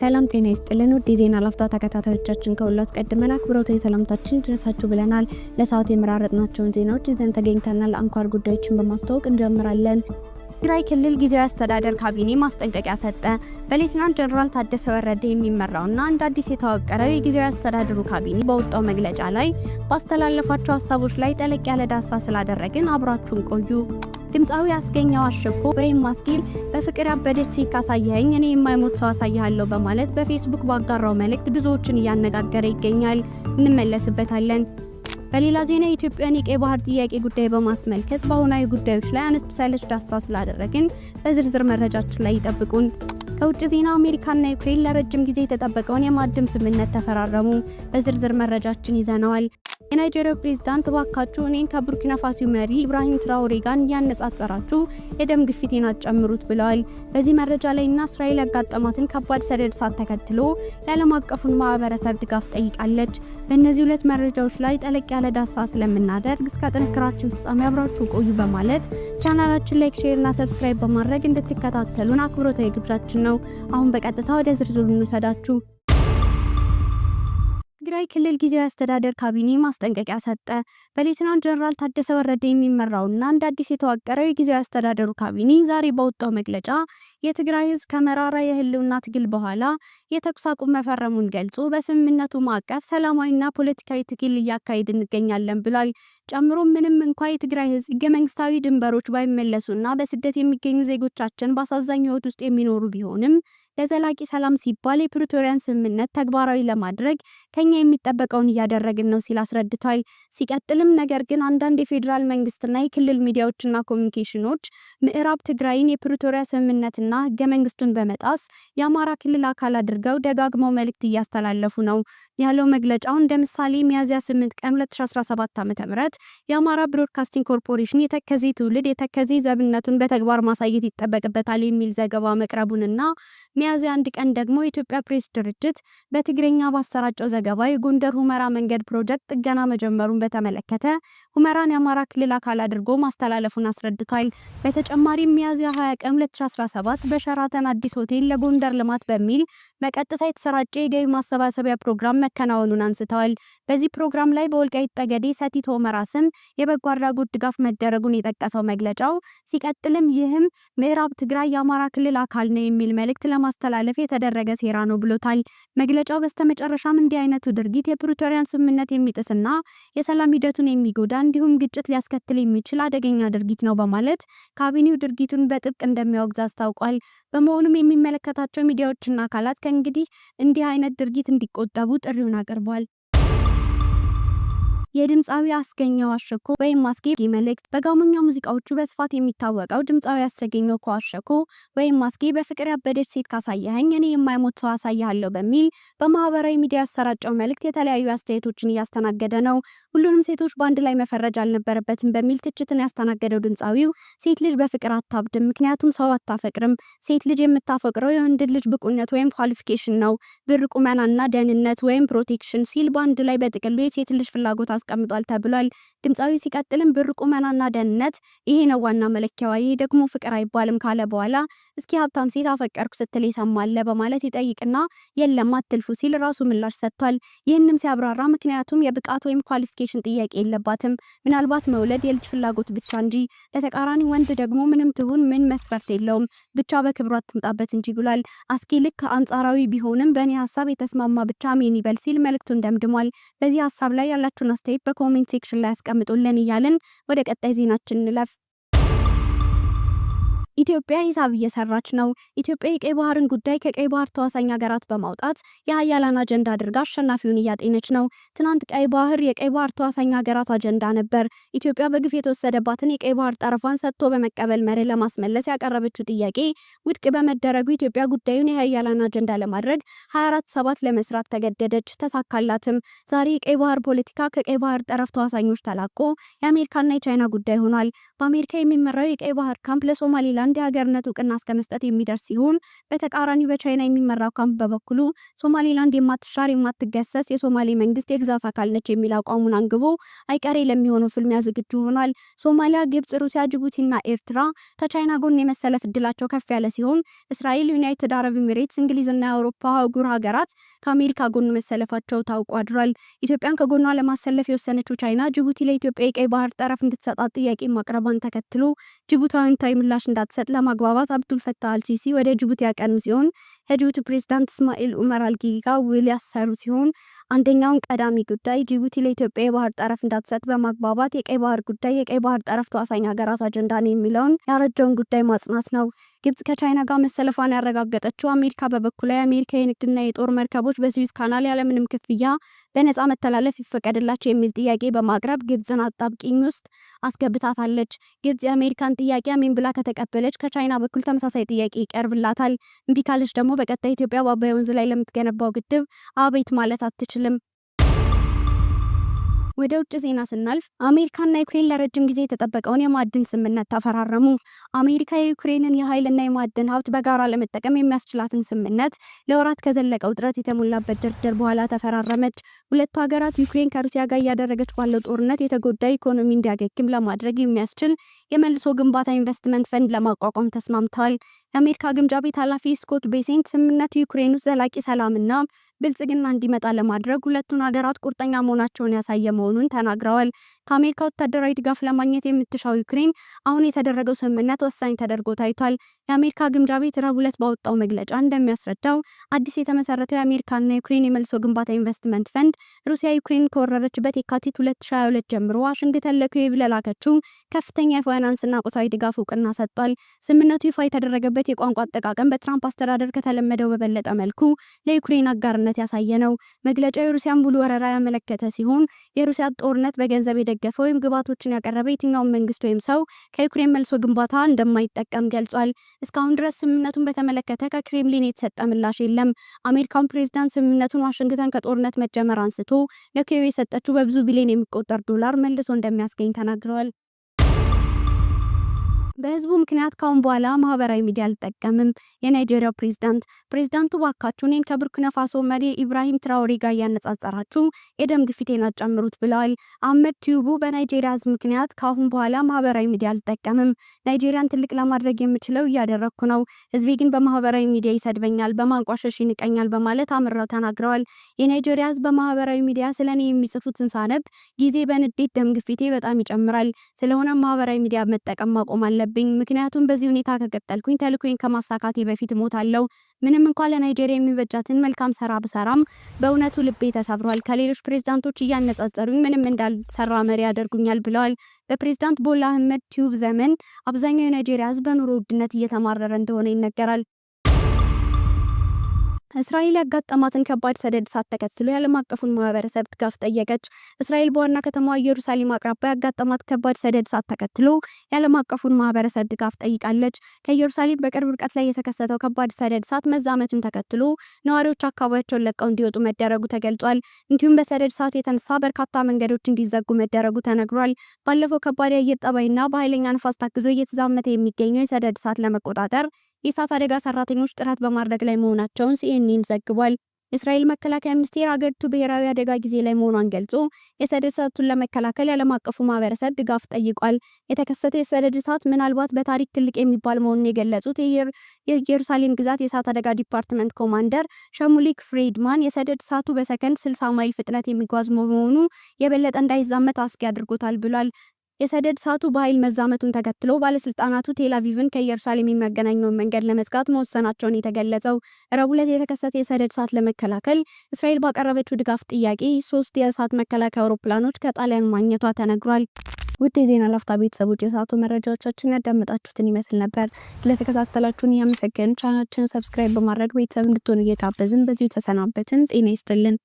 ሰላም ጤና ይስጥልን ውድ የዜና ላፍታ ተከታታዮቻችን፣ ከሁሉ አስቀድመን አክብሮታዊ ሰላምታችን ድረሳችሁ ብለናል። ለሰዓት የመራረጥናቸውን ዜናዎች ይዘን ተገኝተናል። አንኳር ጉዳዮችን በማስተዋወቅ እንጀምራለን። ትግራይ ክልል ጊዜያዊ አስተዳደር ካቢኔ ማስጠንቀቂያ ሰጠ። በሌትናንት ጀነራል ታደሰ ወረደ የሚመራውና እንደ አዲስ የተዋቀረው የጊዜያዊ አስተዳደሩ ካቢኔ በወጣው መግለጫ ላይ ባስተላለፋቸው ሀሳቦች ላይ ጠለቅ ያለ ዳሳ ስላደረግን አብራችሁን ቆዩ ድምፃዊ አስገኘው አሸኮ ወይም ማስጊል በፍቅር ያበደች ካሳየኸኝ እኔ የማይሞት ሰው አሳይሃለሁ በማለት በፌስቡክ ባጋራው መልእክት ብዙዎችን እያነጋገረ ይገኛል። እንመለስበታለን። በሌላ ዜና የኢትዮጵያን የቀይ ባህር ጥያቄ ጉዳይ በማስመልከት በአሁናዊ ጉዳዮች ላይ አነስት ሳይለች ዳሳ ስላደረግን በዝርዝር መረጃችን ላይ ይጠብቁን። ከውጭ ዜና አሜሪካና ዩክሬን ለረጅም ጊዜ የተጠበቀውን የማዕድን ስምምነት ተፈራረሙ። በዝርዝር መረጃችን ይዘነዋል። የናይጄሪያው ፕሬዝዳንት ባካችሁ እኔን ከቡርኪና ፋሲው መሪ ኢብራሂም ትራውሬ ጋር እያነጻጸራችሁ የደም ግፊቴን አትጨምሩት ብለዋል። በዚህ መረጃ ላይ እና እስራኤል ያጋጠማትን ከባድ ሰደድ እሳት ተከትሎ የዓለም አቀፉን ማህበረሰብ ድጋፍ ጠይቃለች። በእነዚህ ሁለት መረጃዎች ላይ ጠለቅ ያለ ዳሳ ስለምናደርግ እስከ ጥንክራችን ፍጻሜ አብራችሁ ቆዩ በማለት ቻናላችን ላይክ፣ ሼር እና ሰብስክራይብ በማድረግ እንድትከታተሉን አክብሮታዊ ግብዣችን ነው። አሁን በቀጥታ ወደ ዝርዝሩ እንውሰዳችሁ። የትግራይ ክልል ጊዜያዊ አስተዳደር ካቢኔ ማስጠንቀቂያ ሰጠ። በሌትናንት ጀነራል ታደሰ ወረደ የሚመራውና እንደ አዲስ የተዋቀረው የጊዜያዊ አስተዳደሩ ካቢኔ ዛሬ በወጣው መግለጫ የትግራይ ሕዝብ ከመራራ የህልውና ትግል በኋላ የተኩስ አቁም መፈረሙን ገልጾ በስምምነቱ ማዕቀፍ ሰላማዊና ፖለቲካዊ ትግል እያካሄድ እንገኛለን ብሏል። ጨምሮ ምንም እንኳ የትግራይ ሕዝብ ህገ መንግስታዊ ድንበሮች ባይመለሱና በስደት የሚገኙ ዜጎቻችን በአሳዛኝ ህይወት ውስጥ የሚኖሩ ቢሆንም ለዘላቂ ሰላም ሲባል የፕሪቶሪያን ስምምነት ተግባራዊ ለማድረግ ከኛ የሚጠበቀውን እያደረግን ነው ሲል አስረድቷል። ሲቀጥልም ነገር ግን አንዳንድ የፌዴራል መንግስትና የክልል ሚዲያዎችና ኮሚኒኬሽኖች ምዕራብ ትግራይን የፕሪቶሪያ ስምምነትና ህገ መንግስቱን በመጣስ የአማራ ክልል አካል አድርገው ደጋግመው መልእክት እያስተላለፉ ነው ያለው መግለጫው እንደ ምሳሌ ሚያዝያ 8 ቀን 2017 ም የአማራ ብሮድካስቲንግ ኮርፖሬሽን የተከዜ ትውልድ የተከዜ ዘብነቱን በተግባር ማሳየት ይጠበቅበታል የሚል ዘገባ መቅረቡንና ሚያዝያ አንድ ቀን ደግሞ የኢትዮጵያ ፕሬስ ድርጅት በትግረኛ ባሰራጨው ዘገባ የጎንደር ሁመራ መንገድ ፕሮጀክት ጥገና መጀመሩን በተመለከተ ሁመራን የአማራ ክልል አካል አድርጎ ማስተላለፉን አስረድቷል። በተጨማሪም ሚያዝያ 20 ቀን 2017 በሸራተን አዲስ ሆቴል ለጎንደር ልማት በሚል በቀጥታ የተሰራጨ የገቢ ማሰባሰቢያ ፕሮግራም መከናወኑን አንስተዋል። በዚህ ፕሮግራም ላይ በወልቃይት ጠገዴ ሰቲት ሁመራ ስም የበጎ አድራጎት ድጋፍ መደረጉን የጠቀሰው መግለጫው ሲቀጥልም ይህም ምዕራብ ትግራይ የአማራ ክልል አካል ነው የሚል መልእክት ለማስተላለፍ የተደረገ ሴራ ነው ብሎታል። መግለጫው በስተመጨረሻም እንዲህ አይነቱ ድርጊት የፕሪቶሪያን ስምምነት የሚጥስና የሰላም ሂደቱን የሚጎዳ እንዲሁም ግጭት ሊያስከትል የሚችል አደገኛ ድርጊት ነው በማለት ካቢኔው ድርጊቱን በጥብቅ እንደሚያወግዝ አስታውቋል። በመሆኑም የሚመለከታቸው ሚዲያዎችና አካላት ከእንግዲህ እንዲህ አይነት ድርጊት እንዲቆጠቡ ጥሪውን አቅርቧል። የድምፃዊ አስገኘው አሸኮ ወይም አስጌ መልእክት። በጋሞኛ ሙዚቃዎቹ በስፋት የሚታወቀው ድምፃዊ አስገኘው አሸኮ ወይም አስጌ በፍቅር ያበደች ሴት ካሳየኸኝ እኔ የማይሞት ሰው አሳያለሁ በሚል በማህበራዊ ሚዲያ ያሰራጨው መልእክት የተለያዩ አስተያየቶችን እያስተናገደ ነው። ሁሉንም ሴቶች በአንድ ላይ መፈረጅ አልነበረበትም በሚል ትችትን ያስተናገደው ድምፃዊው ሴት ልጅ በፍቅር አታብድም፣ ምክንያቱም ሰው አታፈቅርም። ሴት ልጅ የምታፈቅረው የወንድ ልጅ ብቁነት ወይም ኳሊፊኬሽን ነው፣ ብር፣ ቁመናና ደህንነት ወይም ፕሮቴክሽን ሲል በአንድ ላይ በጥቅሉ የሴት ልጅ ፍላጎት አስቀምጧል ተብሏል። ድምፃዊ ሲቀጥልም ብር ቁመናና ደህንነት ይሄ ነው ዋና መለኪያዋ፣ ይሄ ደግሞ ፍቅር አይባልም ካለ በኋላ እስኪ ሀብታም ሴት አፈቀርኩ ስትል ይሰማለ በማለት ይጠይቅና የለም አትልፉ ሲል ራሱ ምላሽ ሰጥቷል። ይህንም ሲያብራራ ምክንያቱም የብቃት ወይም ኳሊፊኬሽን ጥያቄ የለባትም ምናልባት መውለድ የልጅ ፍላጎት ብቻ እንጂ ለተቃራኒ ወንድ ደግሞ ምንም ትሁን ምን መስፈርት የለውም ብቻ በክብሯ ትምጣበት እንጂ ብሏል። አስኪ ልክ አንጻራዊ ቢሆንም በእኔ ሀሳብ የተስማማ ብቻ ሜን ይበል ሲል መልእክቱን ደምድሟል። በዚህ ሀሳብ ላይ ያላችሁን አስተያየት በኮሜንት ሴክሽን ላይ ያስቀምጡልን እያልን ወደ ቀጣይ ዜናችን እንለፍ። ኢትዮጵያ ሂሳብ እየሰራች ነው። ኢትዮጵያ የቀይ ባህርን ጉዳይ ከቀይ ባህር ተዋሳኝ ሀገራት በማውጣት የሀያላን አጀንዳ አድርጋ አሸናፊውን እያጤነች ነው። ትናንት ቀይ ባህር የቀይ ባህር ተዋሳኝ ሀገራት አጀንዳ ነበር። ኢትዮጵያ በግፍ የተወሰደባትን የቀይ ባህር ጠረፏን ሰጥቶ በመቀበል መርህ ለማስመለስ ያቀረበችው ጥያቄ ውድቅ በመደረጉ ኢትዮጵያ ጉዳዩን የሀያላን አጀንዳ ለማድረግ ሰባት ለመስራት ተገደደች። ተሳካላትም። ዛሬ የቀይ ባህር ፖለቲካ ከቀይ ባህር ጠረፍ ተዋሳኞች ተላቆ የአሜሪካና የቻይና ጉዳይ ሆኗል። በአሜሪካ የሚመራው የቀይ ባህር ካምፕ ለሶማሌላ ሶማሌላንድ የሀገርነት እውቅና እስከመስጠት የሚደርስ ሲሆን በተቃራኒ በቻይና የሚመራው ካምፕ በበኩሉ ሶማሌላንድ የማትሻር የማትገሰስ የሶማሌ መንግስት የግዛት አካል ነች የሚል አቋሙን አንግቦ አይቀሬ ለሚሆነው ፍልሚያ ዝግጁ ሆኗል። ሶማሊያ፣ ግብጽ፣ ሩሲያ፣ ጅቡቲና ኤርትራ ከቻይና ጎን የመሰለፍ እድላቸው ከፍ ያለ ሲሆን እስራኤል፣ ዩናይትድ አረብ ኤሚሬትስ፣ እንግሊዝና የአውሮፓ አህጉር ሀገራት ከአሜሪካ ጎን መሰለፋቸው ታውቆ አድሯል። ኢትዮጵያን ከጎኗ ለማሰለፍ የወሰነችው ቻይና ጅቡቲ ለኢትዮጵያ የቀይ ባህር ጠረፍ እንድትሰጣት ጥያቄ ማቅረቧን ተከትሎ ጅቡታዊያን ምላሽ እንዳት ሰጥ ለማግባባት አብዱል አልሲሲ ወደ ጅቡቲ ያቀኑ ሲሆን ከጅቡቲ ፕሬዝዳንት እስማኤል ኡመር አልጊጊ ጋር ውል ያሰሩ ሲሆን አንደኛውን ቀዳሚ ጉዳይ ጅቡቲ ለኢትዮጵያ የባህር ጠረፍ እንዳትሰጥ በማግባባት የቀይ ባህር ጉዳይ የቀይ ባህር ጠረፍ ተዋሳኝ ሀገራት አጀንዳን የሚለውን ያረጀውን ጉዳይ ማጽናት ነው። ግብጽ ከቻይና ጋር መሰለፏን ያረጋገጠችው አሜሪካ በበኩሏ የአሜሪካ የንግድና የጦር መርከቦች በስዊዝ ካናል ያለምንም ክፍያ በነፃ መተላለፍ ይፈቀድላቸው የሚል ጥያቄ በማቅረብ ግብጽን አጣብቂኝ ውስጥ አስገብታታለች። ግብጽ የአሜሪካን ጥያቄ አሜን ብላ ከተቀበለች ከቻይና በኩል ተመሳሳይ ጥያቄ ይቀርብላታል። እምቢ ካለች ደግሞ በቀጣይ ኢትዮጵያ በአባይ ወንዝ ላይ ለምትገነባው ግድብ አቤት ማለት አትችልም። ወደ ውጭ ዜና ስናልፍ አሜሪካና ዩክሬን ለረጅም ጊዜ የተጠበቀውን የማዕድን ስምምነት ተፈራረሙ። አሜሪካ የዩክሬንን የኃይልና የማዕድን ሀብት በጋራ ለመጠቀም የሚያስችላትን ስምምነት ለወራት ከዘለቀው ውጥረት የተሞላበት ድርድር በኋላ ተፈራረመች። ሁለቱ ሀገራት ዩክሬን ከሩሲያ ጋር እያደረገች ባለው ጦርነት የተጎዳ ኢኮኖሚ እንዲያገግም ለማድረግ የሚያስችል የመልሶ ግንባታ ኢንቨስትመንት ፈንድ ለማቋቋም ተስማምተዋል። የአሜሪካ ግምጃ ቤት ኃላፊ ስኮት ቤሴንት ስምምነቱ ዩክሬን ውስጥ ዘላቂ ሰላምና ብልጽግና እንዲመጣ ለማድረግ ሁለቱን ሀገራት ቁርጠኛ መሆናቸውን ያሳየ መሆኑን ተናግረዋል። ከአሜሪካ ወታደራዊ ድጋፍ ለማግኘት የምትሻው ዩክሬን አሁን የተደረገው ስምምነት ወሳኝ ተደርጎ ታይቷል። የአሜሪካ ግምጃ ቤት ረቡዕ ዕለት ባወጣው መግለጫ እንደሚያስረዳው አዲስ የተመሰረተው የአሜሪካና ዩክሬን የመልሶ ግንባታ ኢንቨስትመንት ፈንድ ሩሲያ ዩክሬን ከወረረችበት የካቲት 2022 ጀምሮ ዋሽንግተን ለኪየቭ ለላከችው ከፍተኛ የፋይናንስና ቁሳዊ ድጋፍ እውቅና ሰጥቷል። ስምምነቱ ይፋ የተደረገበት የሀገሪቱ የቋንቋ አጠቃቀም በትራምፕ አስተዳደር ከተለመደው በበለጠ መልኩ ለዩክሬን አጋርነት ያሳየ ነው። መግለጫው የሩሲያን ሙሉ ወረራ ያመለከተ ሲሆን የሩሲያ ጦርነት በገንዘብ የደገፈ ወይም ግባቶችን ያቀረበ የትኛውን መንግስት ወይም ሰው ከዩክሬን መልሶ ግንባታ እንደማይጠቀም ገልጿል። እስካሁን ድረስ ስምምነቱን በተመለከተ ከክሬምሊን የተሰጠ ምላሽ የለም። አሜሪካን ፕሬዚዳንት ስምምነቱን ዋሽንግተን ከጦርነት መጀመር አንስቶ ለኪዮ የሰጠችው በብዙ ቢሊዮን የሚቆጠር ዶላር መልሶ እንደሚያስገኝ ተናግረዋል። በህዝቡ ምክንያት ካሁን በኋላ ማህበራዊ ሚዲያ አልጠቀምም። የናይጄሪያው ፕሬዝዳንት ፕሬዝዳንቱ ባካችሁ እኔን ከቡርኪና ፋሶ መሪ ኢብራሂም ትራኦሬ ጋር እያነጻጸራችሁ የደም ግፊቴን አጨምሩት ብለዋል። አህመድ ቲዩቡ በናይጄሪያ ህዝብ ምክንያት ካሁን በኋላ ማህበራዊ ሚዲያ አልጠቀምም። ናይጄሪያን ትልቅ ለማድረግ የምችለው እያደረግኩ ነው። ህዝቤ ግን በማህበራዊ ሚዲያ ይሰድበኛል፣ በማንቋሸሽ ይንቀኛል በማለት አምረው ተናግረዋል። የናይጄሪያ ህዝብ በማህበራዊ ሚዲያ ስለ እኔ የሚጽፉትን ሳነብ ጊዜ በንዴት ደም ግፊቴ በጣም ይጨምራል። ስለሆነ ማህበራዊ ሚዲያ መጠቀም ማቆም አለብን። አለብኝ። ምክንያቱም በዚህ ሁኔታ ከቀጠልኩኝ ተልእኮዬን ከማሳካቴ በፊት አለው ምንም እንኳን ለናይጄሪያ የሚበጃትን መልካም ስራ ብሰራም በእውነቱ ልቤ ተሰብሯል። ከሌሎች ፕሬዝዳንቶች እያነጻጸሩኝ ምንም እንዳልሰራ መሪ ያደርጉኛል ብለዋል። በፕሬዚዳንት ቦላ አህመድ ቲዩብ ዘመን አብዛኛው የናይጄሪያ ህዝብ በኑሮ ውድነት እየተማረረ እንደሆነ ይነገራል። እስራኤል ያጋጠማትን ከባድ ሰደድ እሳት ተከትሎ የዓለም አቀፉን ማህበረሰብ ድጋፍ ጠየቀች። እስራኤል በዋና ከተማዋ ኢየሩሳሌም አቅራቢያ ያጋጠማት ከባድ ሰደድ እሳት ተከትሎ የዓለም አቀፉን ማህበረሰብ ድጋፍ ጠይቃለች። ከኢየሩሳሌም በቅርብ ርቀት ላይ የተከሰተው ከባድ ሰደድ እሳት መዛመትን ተከትሎ ነዋሪዎች አካባቢያቸውን ለቀው እንዲወጡ መደረጉ ተገልጿል። እንዲሁም በሰደድ እሳት የተነሳ በርካታ መንገዶች እንዲዘጉ መደረጉ ተነግሯል። ባለፈው ከባድ የአየር ጠባይና በኃይለኛ ንፋስ ታግዞ እየተዛመተ የሚገኘው የሰደድ እሳት ለመቆጣጠር የእሳት አደጋ ሰራተኞች ጥረት በማድረግ ላይ መሆናቸውን ሲኤንኤን ዘግቧል። እስራኤል መከላከያ ሚኒስቴር አገሪቱ ብሔራዊ አደጋ ጊዜ ላይ መሆኗን ገልጾ የሰደድ እሳቱን ለመከላከል የዓለም አቀፉ ማህበረሰብ ድጋፍ ጠይቋል። የተከሰተው የሰደድ እሳት ምናልባት በታሪክ ትልቅ የሚባል መሆኑን የገለጹት የኢየሩሳሌም ግዛት የእሳት አደጋ ዲፓርትመንት ኮማንደር ሸሙሊክ ፍሬድማን የሰደድ እሳቱ በሰከንድ 60 ማይል ፍጥነት የሚጓዝ መሆኑ የበለጠ እንዳይዛመት አስጊ አድርጎታል ብሏል። የሰደድ እሳቱ በኃይል መዛመቱን ተከትሎ ባለስልጣናቱ ቴልአቪቭን ከኢየሩሳሌም የሚያገናኘውን መንገድ ለመዝጋት መወሰናቸውን የተገለጸው ረቡዕ ዕለት የተከሰተ የሰደድ እሳት ለመከላከል እስራኤል ባቀረበችው ድጋፍ ጥያቄ ሶስት የእሳት መከላከያ አውሮፕላኖች ከጣሊያን ማግኘቷ ተነግሯል። ውድ የዜና ላፍታ ቤተሰቦች የሰዓቱ መረጃዎቻችን ያዳመጣችሁትን ይመስል ነበር። ስለተከታተላችሁን እያመሰገን ቻናችን ሰብስክራይብ በማድረግ ቤተሰብ እንድትሆኑ እየታበዝን በዚሁ ተሰናበትን። ጤና ይስጥልን።